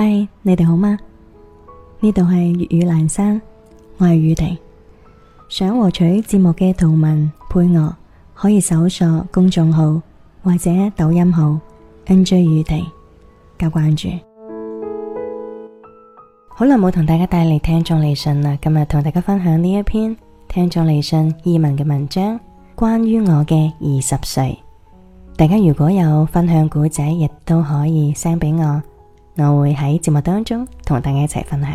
嗨，Hi, 你哋好嗎？呢度係粵語闌珊，我係宇婷。想獲取節目嘅圖文配樂，可以搜索公眾號或者抖音號 NJ 宇婷加關注。好耐冇同大家帶嚟聽眾嚟信啦，今日同大家分享呢一篇聽眾嚟信依文嘅文章，關於我嘅二十歲。大家如果有分享古仔，亦都可以 send 俾我。我會喺節目當中同大家一齊分享，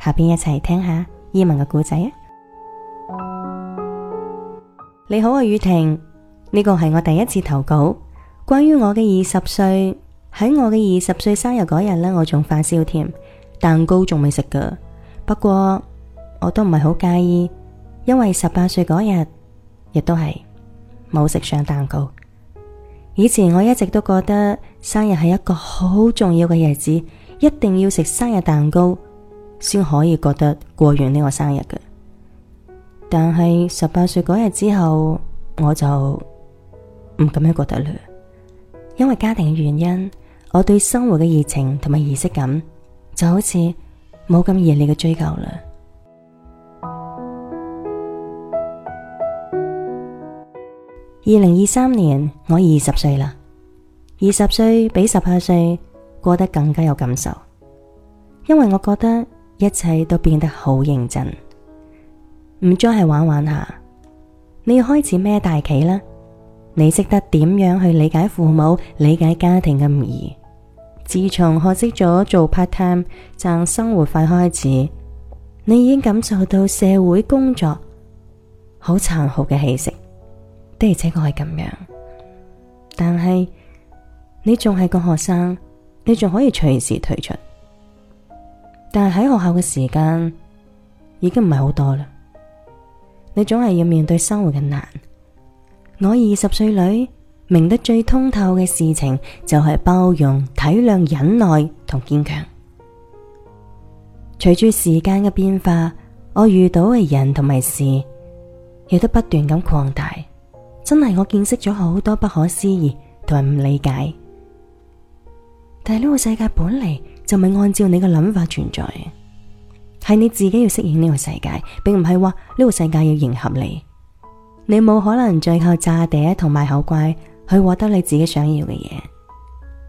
下邊一齊聽下依文嘅故仔啊！ 你好啊，我係宇婷，呢、呢個係我第一次投稿，關於我嘅二十歲。喺我嘅二十歲生日嗰日呢，我仲發燒添，蛋糕仲未食噶，不過我都唔係好介意，因為十八歲嗰日亦都係冇食上蛋糕。以前我一直都覺得生日係一個好重要嘅日子，一定要食生日蛋糕先可以覺得過完呢個生日嘅。但係十八歲嗰日之後，我就唔咁樣覺得啦，因為家庭嘅原因，我對生活嘅熱情同埋儀式感就好似冇咁熱烈嘅追求啦。二零二三年，我二十歲啦。二十歲比十八歲過得更加有感受，因為我覺得一切都變得好認真，唔再係玩玩下。你要開始咩大企啦？你識得點樣去理解父母、理解家庭嘅唔易。自從學識咗做 part time 賺生活費開始，你已經感受到社會工作好殘酷嘅氣息。的而且確係咁樣，但係你仲係個學生，你仲可以隨時退出。但係喺學校嘅時間已經唔係好多啦。你總係要面對生活嘅難。我二十歲嚟明得最通透嘅事情就係包容、體諒、忍耐同堅強。隨住時間嘅變化，我遇到嘅人同埋事亦都不斷咁擴大。真係我見識咗好多不可思議同埋唔理解，但係呢個世界本嚟就唔係按照你嘅諗法存在，係你自己要適應呢個世界，並唔係話呢個世界要迎合你。你冇可能再靠詐嗲同埋賣口乖去獲得你自己想要嘅嘢。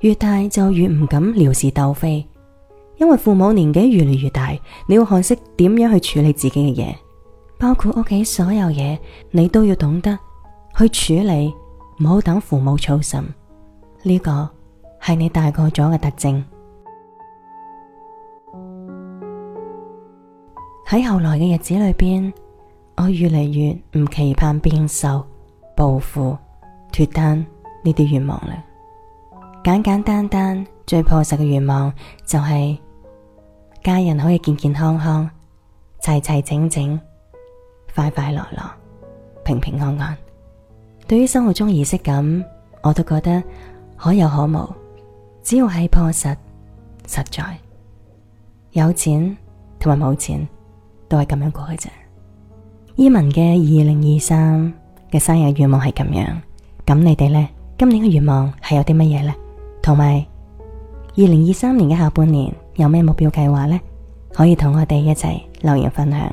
越大就越唔敢撩事鬥非，因為父母年紀越嚟越大，你要學識點樣去處理自己嘅嘢，包括屋企所有嘢，你都要懂得去處理，唔好等父母操心。呢個係你大個咗嘅特徵。喺後來嘅日子裏邊，我越嚟越唔期盼變瘦、暴富、脫單呢啲願望啦。簡簡單單最樸實嘅願望就係家人可以健健康康、齊齊整整、快快樂樂、平平安安。對於生活中嘅儀式感，我都覺得可有可無，只要係樸實實在，有錢同埋冇錢都係咁樣過去啫。依文嘅二零二三嘅生日願望係咁樣，咁你哋呢？今年嘅願望係有啲乜嘢呢？同埋二零二三年嘅下半年有咩目標計劃呢？可以同我哋一齊留言分享。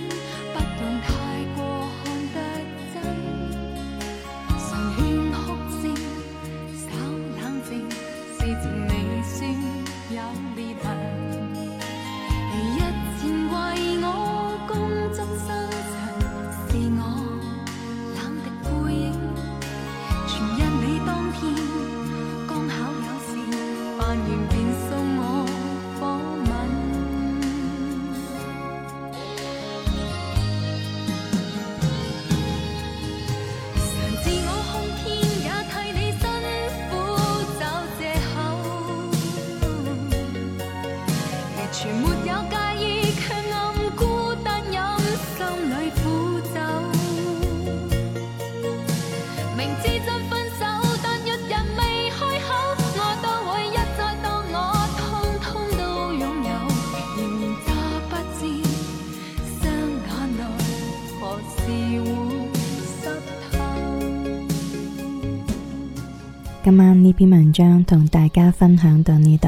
今晚呢篇文章同大家分享到呢度。